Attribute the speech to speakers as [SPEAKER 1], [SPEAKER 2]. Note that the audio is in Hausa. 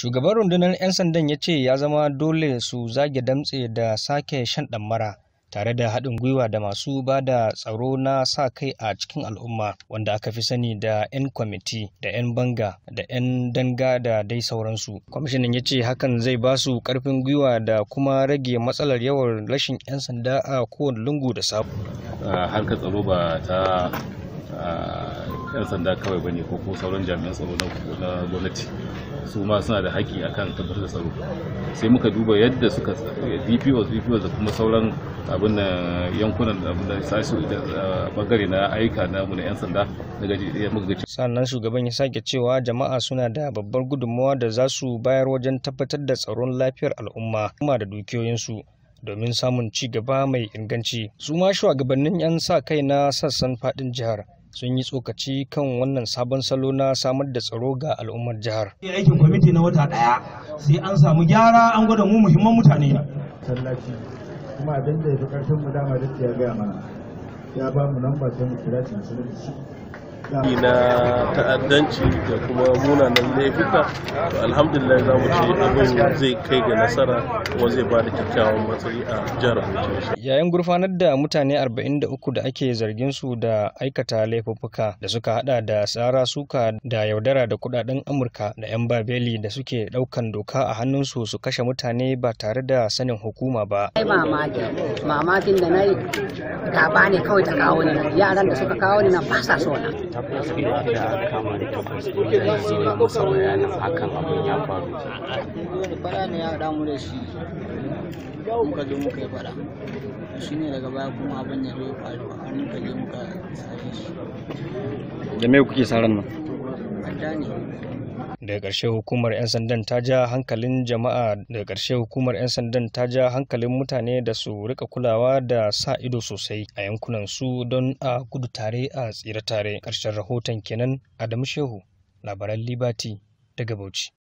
[SPEAKER 1] shugaban rundunar 'yan sandan ya ce ya zama dole su zage damtse da sake shan ɗammara tare da haɗin gwiwa da masu ba da tsaro na sa kai a cikin al'umma wanda aka fi sani da 'yan kwamiti da 'yan banga da 'yan danga da dai sauransu kwamishinan ya ce hakan zai ba su ƙarfin gwiwa da kuma rage matsalar yawan rashin 'yan sanda a kowane lungu da sabu harkar tsaro ba ta 'yan sanda kawai bane ko ko sauran jami'an tsaro na gwamnati su ma suna da haƙƙi akan tabbatar da tsaro sai muka duba yadda suka dpos dpos da kuma sauran abin da yankunan abin da sashi bangare na aika na mu na 'yan sanda daga muka ga sannan shugaban ya sake cewa jama'a suna da babbar gudunmawa da za su bayar wajen tabbatar da tsaron lafiyar al'umma kuma da dukiyoyinsu domin samun ci gaba mai inganci su ma shugabannin 'yan sa kai na sassan faɗin jihar sun yi tsokaci kan wannan sabon salo na samar da tsaro ga al'ummar jihar. aikin kwamiti na wata daya sai an samu gyara an gwada mu muhimman mutane sallaci kuma abin da ya mu dama duk ya gaya mana ya ba mu lamba sai mu kira shi na ta'addanci da kuma munanan laifuka to alhamdulillah za mu ce abin zai kai ga nasara kuma zai ba da kyakkyawan matsayi a jihar Bauchi. Yayin gurfanar da mutane 43 da ake zargin su da aikata laifuka da suka hada da tsara suka da yaudara da kudaden Amurka da 'yan babeli da suke daukan doka a hannunsu su kashe mutane ba tare da sanin hukuma ba. Mamakin da na yi gaba ne kawai ta kawo ni yaran da suka kawo ni na ba sa
[SPEAKER 2] tabbas ina da an kama ni tabbas dole masa bayanin hakan abin ya faru
[SPEAKER 1] fara ne ya haɗa mu da shi muka muka yi fara shi ne daga baya kuma abin ya zai faru muka shi da me kuke nan adda ne daga ƙarshe hukumar 'yan sandan ta ja hankalin jama'a daga ƙarshe hukumar 'yan sandan ta ja hankalin mutane da su rika kulawa da sa ido sosai a yankunan su don a gudu tare a tsira tare ƙarshen rahoton kenan adamu shehu labaran libati daga bauchi